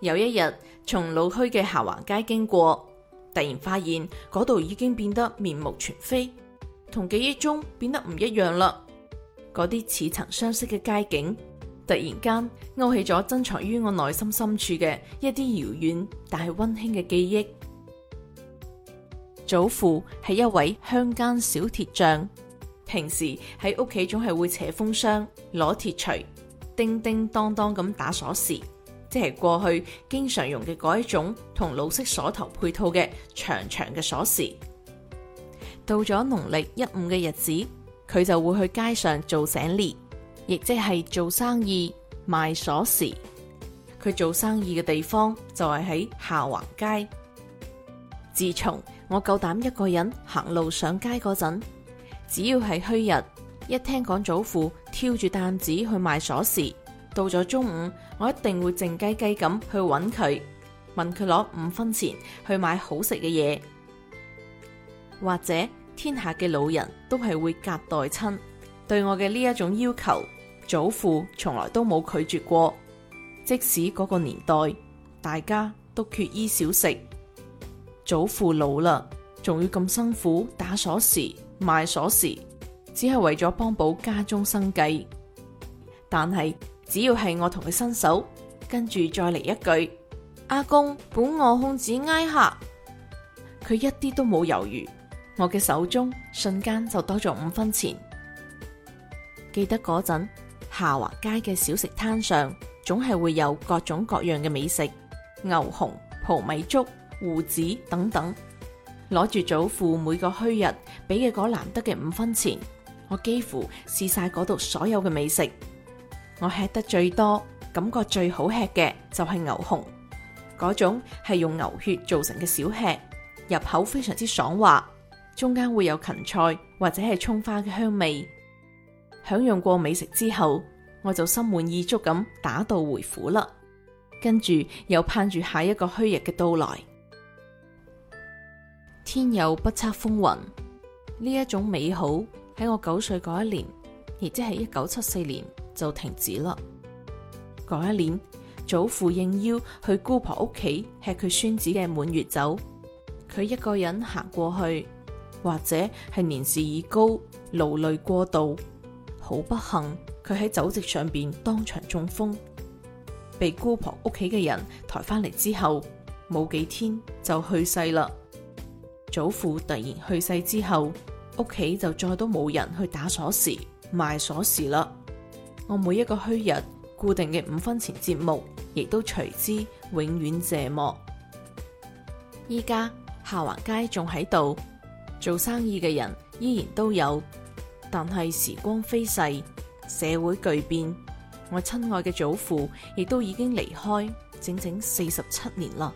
有一日，從老墟嘅下橫街經過，突然發現嗰度已經變得面目全非，同記憶中變得唔一樣啦。嗰啲似曾相識嘅街景，突然間勾起咗珍藏於我內心深處嘅一啲遙遠但係溫馨嘅記憶。祖父係一位鄉間小鐵匠，平時喺屋企總係會扯風箱、攞鐵錘、叮叮噹噹咁打鎖匙。即係過去經常用嘅嗰一種同老式鎖頭配套嘅長長嘅鎖匙。到咗農曆一五嘅日子，佢就會去街上做先禮，亦即係做生意賣鎖匙。佢做生意嘅地方就係喺下橫街。自從我夠膽一個人行路上街嗰陣，只要係圩日，一聽講祖父挑住擔子去賣鎖匙。到咗中午，我一定會靜雞雞咁去搵佢，問佢攞五分錢去買好食嘅嘢。或者天下嘅老人都係會隔代親，對我嘅呢一種要求，祖父從來都冇拒絕過。即使嗰個年代大家都缺衣少食，祖父老啦，仲要咁辛苦打鎖匙、賣鎖匙，只係為咗幫補家中生計。但係，只要係我同佢伸手，跟住再嚟一句：阿公，奔我控子捱哈。佢一啲都冇猶豫，我嘅手中瞬間就多咗五分錢。記得嗰陣，下橫街嘅小食攤上，總係會有各種各樣嘅美食，牛紅、菩米粥、芋子等等。攞住祖父每個墟日俾嘅嗰難得嘅五分錢，我幾乎試晒嗰度所有嘅美食。我吃得最多，感覺最好吃嘅就係牛紅。嗰種，係用牛血做成嘅小吃，入口非常之爽滑，中間會有芹菜或者係蔥花嘅香味。享用過美食之後，我就心滿意足咁打道回府啦。跟住又盼住下一個圩日嘅到來。天有不測風雲，呢一種美好喺我九歲嗰一年，亦即係一九七四年。就停止啦。嗰一年，祖父應邀去姑婆屋企吃佢孫子嘅滿月酒。佢一個人行過去，或者係年事已高，勞累過度，好不幸，佢喺酒席上邊當場中風，被姑婆屋企嘅人抬翻嚟之後，冇幾天就去世啦。祖父突然去世之後，屋企就再都冇人去打鎖匙、賣鎖匙啦。我每一個圩日，固定嘅五分錢節目，亦都隨之永遠謝幕。依家，下橫街仲喺度做生意嘅人依然都有，但係時光飛逝，社會巨變，我親愛嘅祖父亦都已經離開整整四十七年啦。